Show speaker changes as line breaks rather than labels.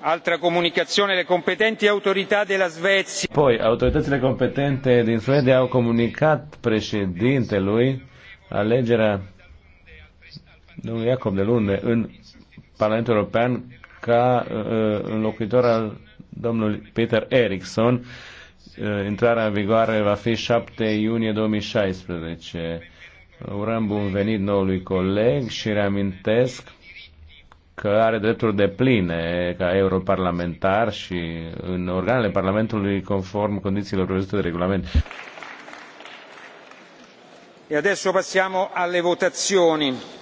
Altra comunicazione, le competenti autorità della Svezia. Poi, autoritățile
competente din Suedia au comunicat președintelui alegerea domnului Iacob de Lunde în Parlamentul European ca uh, înlocuitor al domnului Peter Eriksson. Uh, intrarea în vigoare va fi 7 iunie 2016. Urăm bun venit noului coleg și reamintesc că are drepturi de pline ca europarlamentar și în organele Parlamentului conform condițiilor prevăzute de regulament.
E adesso passiamo alle votazioni.